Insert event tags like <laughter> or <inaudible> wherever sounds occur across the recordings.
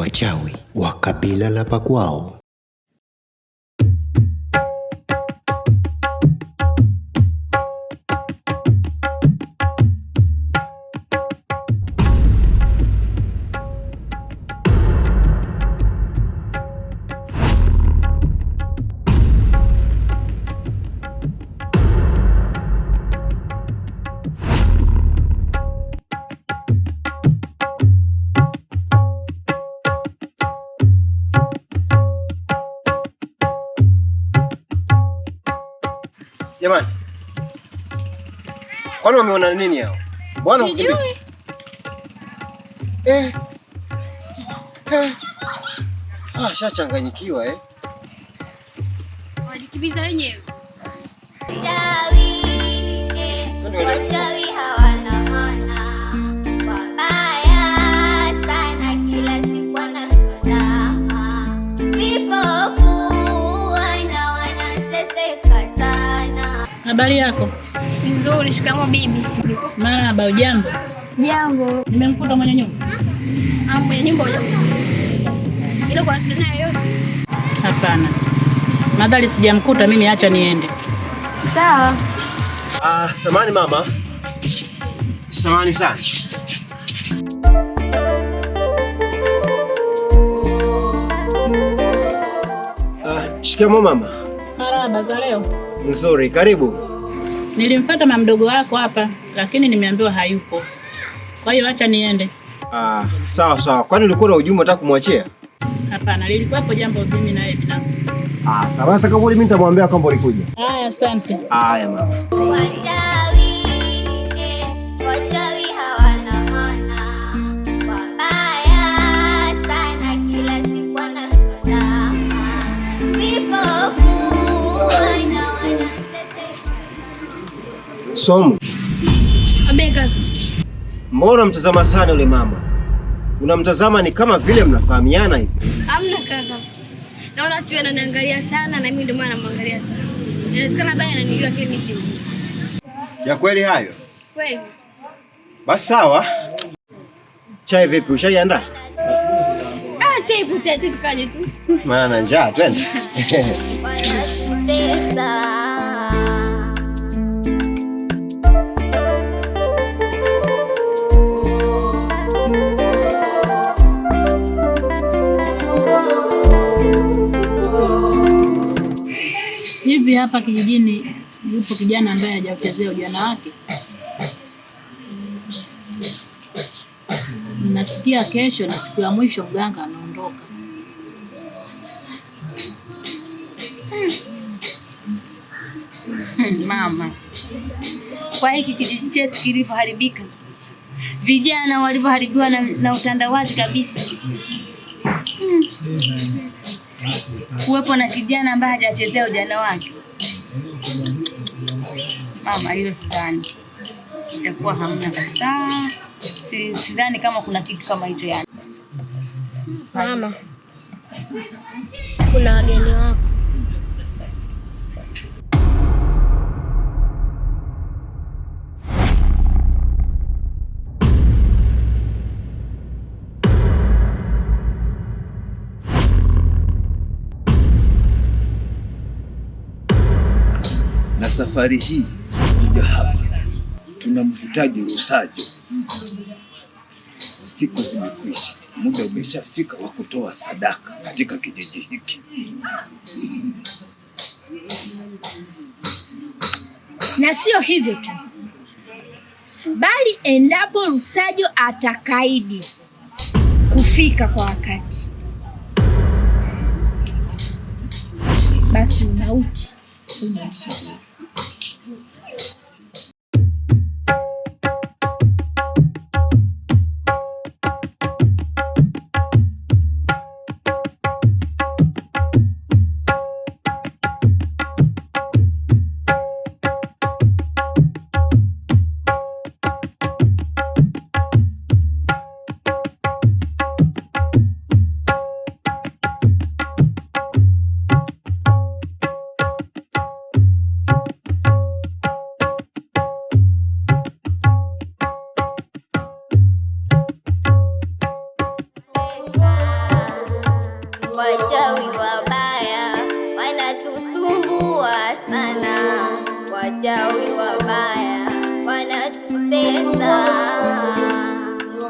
wachawi wa kabila la Pakwao Jamani, kwani wameona nini hao? Bwana sijui. Eh. Eh. Ah, shachanganyikiwa eh. Wajikimbiza wenyewe. habari yako? Nzuri. Shikamo bibi. Marahaba. Ujambo? Jambo. Nimemkuta mwenye nyumba? Ah, mwenye nyumba hujamkuta? Ila kwa shida nayo yote? Hapana, nadhani sijamkuta mimi, acha niende. Sawa. Ah, samani mama, samani sana. Ah, shikamo mama. Marahaba. Za leo? Nzuri, karibu. Nilimfuata mama mdogo wako hapa lakini nimeambiwa hayupo, kwa hiyo acha niende. Ah, sawa sawa. Kwani ulikuwa na ujumbe unataka kumwachia? Hapana, lilikuwa hapo jambo mimi naye binafsi. Ah, sawa. Atakaporudi mimi nitamwambia kwamba ulikuja. Haya, asante. Haya mama. Eh, Somu, mbona mtazama sana yule mama? Unamtazama ni kama vile mnafahamiana hivi. Hamna kaka, naona tu ananiangalia sana, na mimi ndio maana namwangalia sana. Inawezekana baya ananijua kile mimi Ya kweli hayo? Kweli. Basi sawa. Chai vipi, ushaiandaa? Ah, chai pute tu tukaje tu. Maana njaa, twende. <laughs> <laughs> hapa kijijini yupo kijana ambaye hajachezea ujana wake, nasikia kesho na siku ya mwisho mganga anaondoka. Hmm, mama, kwa hiki kijiji chetu kilivyoharibika, vijana walivyoharibiwa na, na utandawazi kabisa hmm. kuwepo na kijana ambaye hajachezea ujana wake Mama, hilo sidhani itakuwa hamna kabisa. Sidhani kama kuna kitu kama hicho. Yani mama, kuna wageni wako na safari hii kuja hapa tunamhitaji rusajo Siku zimekwisha, muda umeshafika wa kutoa sadaka katika kijiji hiki. Na sio hivyo tu, bali endapo rusajo atakaidi kufika kwa wakati, basi mauti unamsubiri. wachawi wabaya wanatusumbua sana, wachawi wabaya wanatutesa.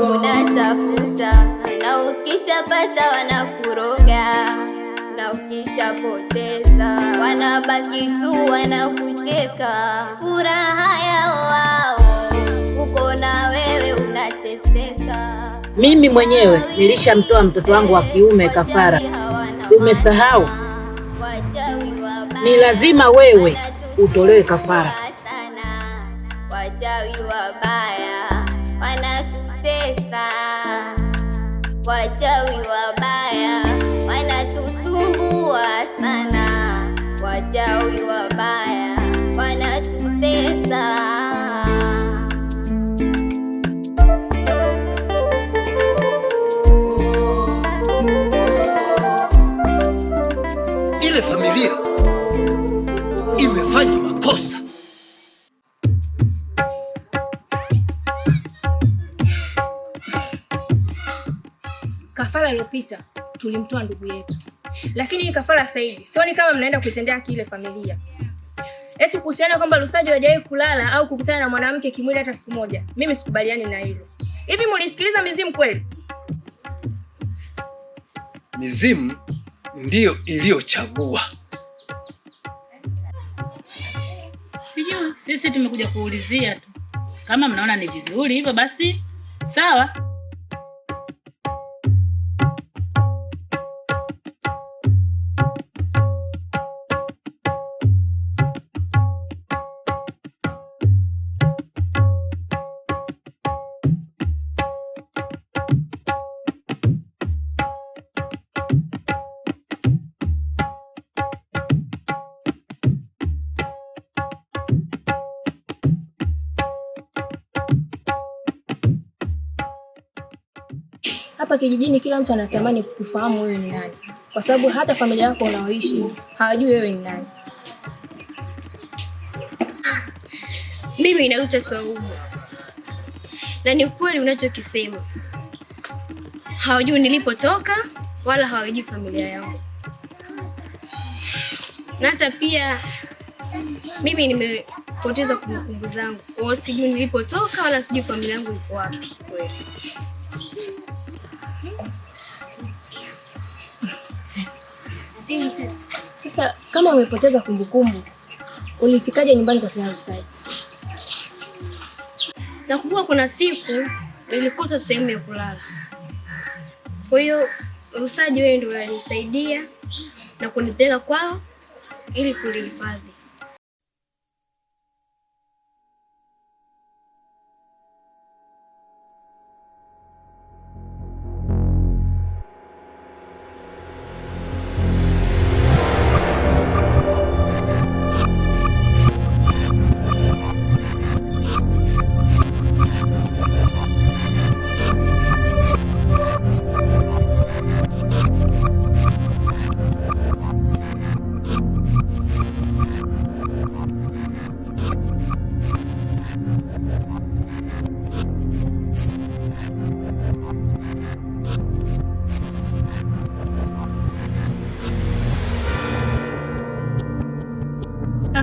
Unatafuta na ukishapata wanakuroga, na ukishapoteza wanabaki tu wanakucheka, furaha yao wao Mimi mwenyewe nilishamtoa mtoto wangu wa kiume kafara. Umesahau? Ni lazima wewe utolewe kafara. Wachawi wabaya wanatutesa, wachawi wabaya wanatusumbua sana, wachawi wabaya wanatutesa. ile familia imefanya makosa. Kafara iliyopita tulimtoa ndugu yetu, lakini hii kafara sasa hivi sioni kama mnaenda kuitendea haki ile familia. Eti kuhusiana kwamba Lusajo hajawahi kulala au kukutana na mwanamke kimwili hata siku moja, mimi sikubaliani na hilo. Hivi mlisikiliza mizimu kweli? Mizimu ndiyo iliyochagua. Sijui sisi tumekuja kuulizia tu, kama mnaona ni vizuri hivyo basi sawa. hapa kijijini kila mtu anatamani kufahamu wewe ni nani, kwa sababu hata familia yako unaoishi hawajui wewe ni nani. Mimi inaitwa Saumu, na ni kweli unachokisema, hawajui nilipotoka wala hawajui familia yangu, na hata pia mimi nimepoteza kumbukumbu zangu, sijui nilipotoka wala sijui familia yangu iko wapi kweli. Sasa kama umepoteza kumbukumbu, ulifikaje nyumbani kwa kina Rusai? Nakumbuka kuna siku nilikosa sehemu ya kulala, kwa hiyo Rusaji wewe ndio alinisaidia na kunipeleka kwao ili kulihifadhi.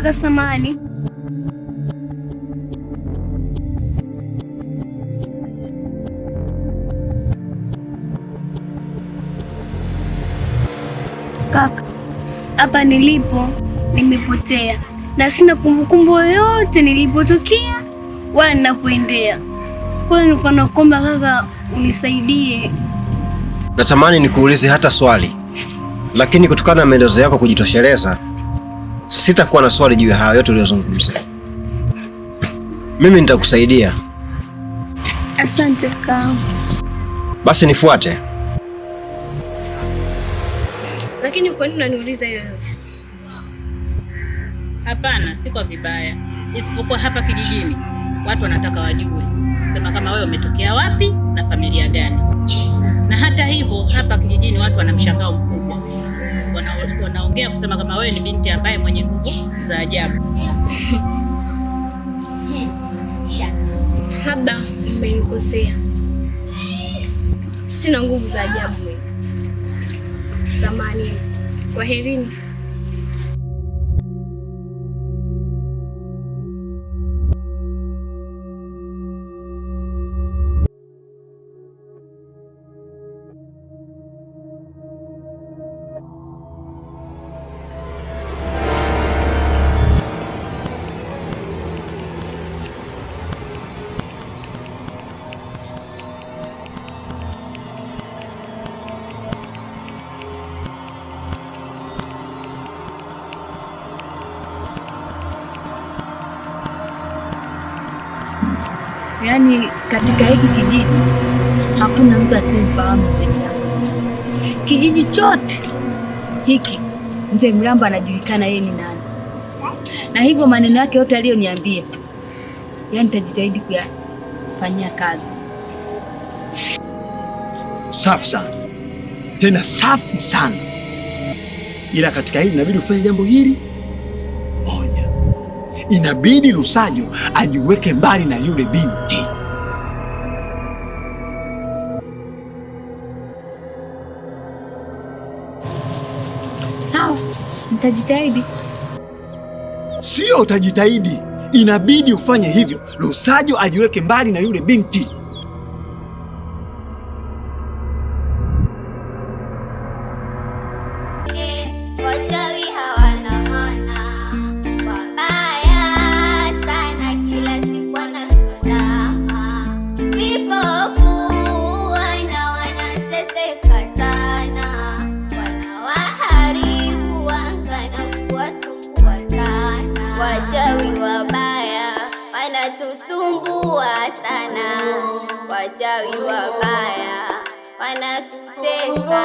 Kaka samani kaka, hapa nilipo nimepotea na sina kumbukumbu yoyote nilipotokea wala ninapoendea. Kwa hiyo nilikuwa nakuomba kaka, unisaidie. Natamani nikuulize hata swali, lakini kutokana na maelezo yako kujitosheleza sitakuwa na swali juu ya hayo yote uliyozungumza. Mimi nitakusaidia. Asante kaka. Basi nifuate. Lakini kwa nini unaniuliza hiyo yote? Hapana, si kwa vibaya, isipokuwa hapa kijijini watu wanataka wajue sema kama wewe umetokea wapi na familia gani, na hata hivyo hapa kijijini watu wana mshangao mkubwa wana wanaongea kusema kama wewe ni binti ambaye mwenye nguvu za ajabu. Labda <laughs> mmenikosea, sina nguvu za ajabu. Samani, kwaherini. yaani katika hiki kijiji hakuna mtu asimfahamu mzee Mlamba. Kijiji chote hiki mzee Mlamba anajulikana yeye ni nani, na hivyo maneno yake yote aliyoniambia, yaani nitajitahidi kuyafanyia kazi. Safi sana tena, safi sana, ila katika hili inabidi ufanye jambo hili inabidi Lusajo ajiweke mbali na yule binti. Sawa, nitajitahidi. Sio utajitahidi, inabidi ufanye hivyo. Lusajo ajiweke mbali na yule binti. wachawi wabaya wanatutesa,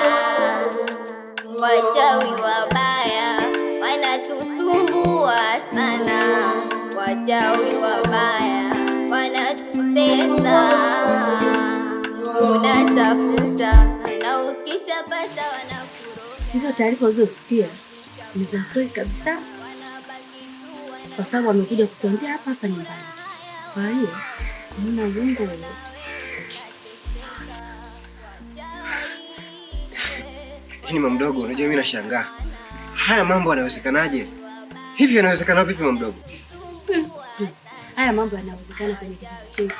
wachawi wabaya wanatusumbua sana, wachawi wabaya wanatutesa, unatafuta na ukishapata wanakuroga. Hizo taarifa ulizosikia ni za kweli kabisa, kwa sababu wamekuja kutuambia hapa hapa nyumbani, kwa hiyo hamna uongo wowote. Yaani mama mdogo, unajua mimi nashangaa. Haya mambo yanawezekanaje? Hivi yanawezekana vipi mama mdogo? Hmm. Hmm. Haya mambo yanawezekana kwenye kijiji chetu.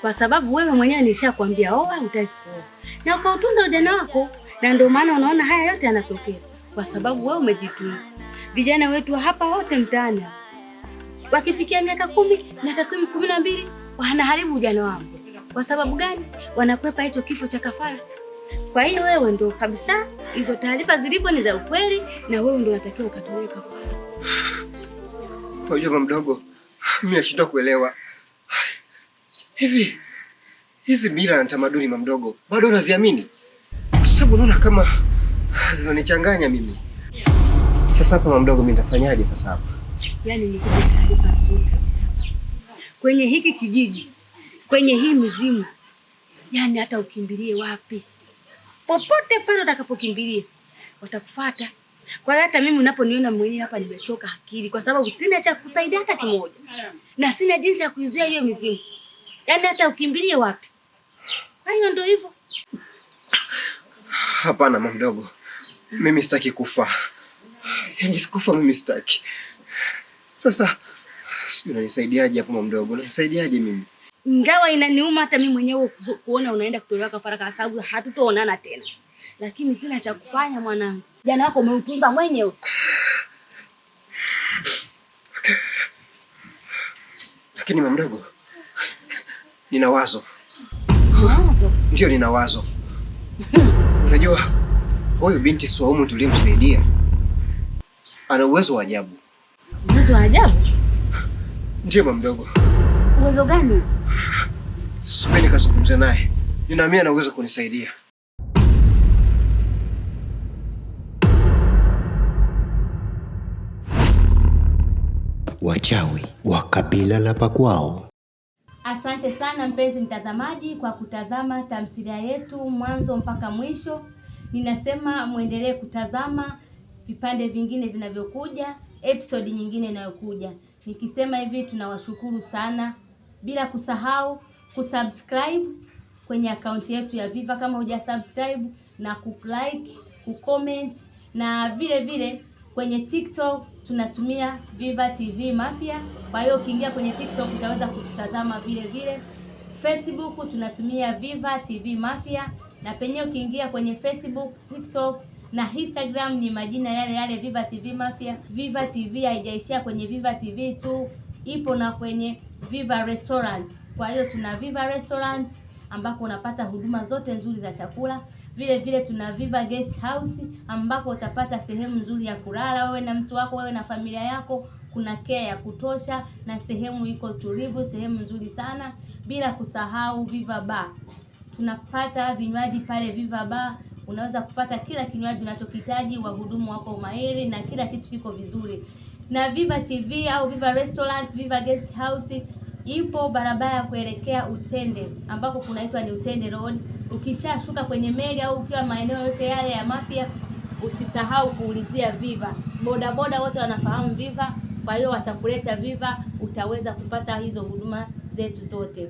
Kwa sababu wewe mwenyewe nishakwambia oa oh, hutaki kuoa. Na ukautunza ujana wako na ndio maana unaona haya yote yanatokea. Kwa sababu wewe umejitunza. Vijana wetu hapa wote mtaani wakifikia miaka kumi, miaka kumi, kumi na mbili wanaharibu ujana wao. Kwa sababu gani? Wanakwepa hicho kifo cha kafara. Kwa hiyo wewe ndio kabisa, hizo taarifa zilipo ni za ukweli, na wewe ndio unatakiwa ukatoweka. Kwa hiyo mama mdogo, mimi nashindwa kuelewa hivi hizi mila na tamaduni, mamdogo, bado unaziamini? Kwa sababu unaona kama zinanichanganya mimi. Sasa hapa mamdogo, mimi nitafanyaje sasa hapa? Yaani nikupe taarifa nzuri kabisa, kwenye hiki kijiji, kwenye hii mizimu, yaani hata ukimbilie wapi popote pale utakapokimbilia watakufuata. Kwa hiyo hata mimi unaponiona mwenyewe hapa nimechoka akili, kwa sababu sina cha kusaidia hata kimoja, na sina jinsi ya kuizuia hiyo mizimu, yaani hata ukimbilie wapi. Kwa hiyo ndio hivyo. Hapana mama mdogo, mimi sitaki kufa, yaani sikufa mimi sitaki. Sasa sijui unanisaidiaje hapo mama mdogo, unanisaidiaje mimi? ingawa inaniuma hata mimi mwenyewe kuona unaenda kutolewa kafara, kwa sababu hatutoonana tena, lakini sina cha kufanya mwanangu. Jana wako umeutunza mwenyewe. Lakini mama mdogo, nina wazo. Ndio, nina wazo. Unajua huyu binti Swaumu tulimsaidia ana uwezo wa ajabu. Uwezo wa ajabu? Ndio mama mdogo. Uwezo gani? Subiri nikazungumza naye, ninaamini anaweza kunisaidia. Wachawi wa kabila la Pakwao. Asante sana mpenzi mtazamaji kwa kutazama tamthilia yetu mwanzo mpaka mwisho. Ninasema mwendelee kutazama vipande vingine vinavyokuja, episodi nyingine inayokuja. Nikisema hivi tunawashukuru sana bila kusahau kusubscribe kwenye akaunti yetu ya Viva kama hujasubscribe, na kulike, kucomment na vile vile kwenye TikTok tunatumia Viva TV Mafia. Kwa hiyo ukiingia kwenye TikTok utaweza kututazama vile vile. Facebook tunatumia Viva TV Mafia, na penyewe ukiingia kwenye Facebook, TikTok na Instagram ni majina yale yale Viva TV Mafia. Viva TV haijaishia kwenye Viva TV tu, ipo na kwenye Viva Restaurant. Kwa hiyo tuna Viva Restaurant ambako unapata huduma zote nzuri za chakula. Vile vile tuna Viva Guest House ambako utapata sehemu nzuri ya kulala wewe na mtu wako, wewe na familia yako. Kuna kea ya kutosha na sehemu iko tulivu, sehemu nzuri sana, bila kusahau Viva Bar. Tunapata vinywaji pale Viva Bar, unaweza kupata kila kinywaji unachokihitaji, wahudumu wako mahiri na kila kitu kiko vizuri na Viva TV au Viva Restaurant, Viva Guest House ipo barabara ya kuelekea Utende ambapo kunaitwa ni Utende Road. Ukishashuka kwenye meli au ukiwa maeneo yote yale ya Mafia, usisahau kuulizia Viva. Bodaboda wote wanafahamu Viva, kwa hiyo watakuleta Viva, utaweza kupata hizo huduma zetu zote.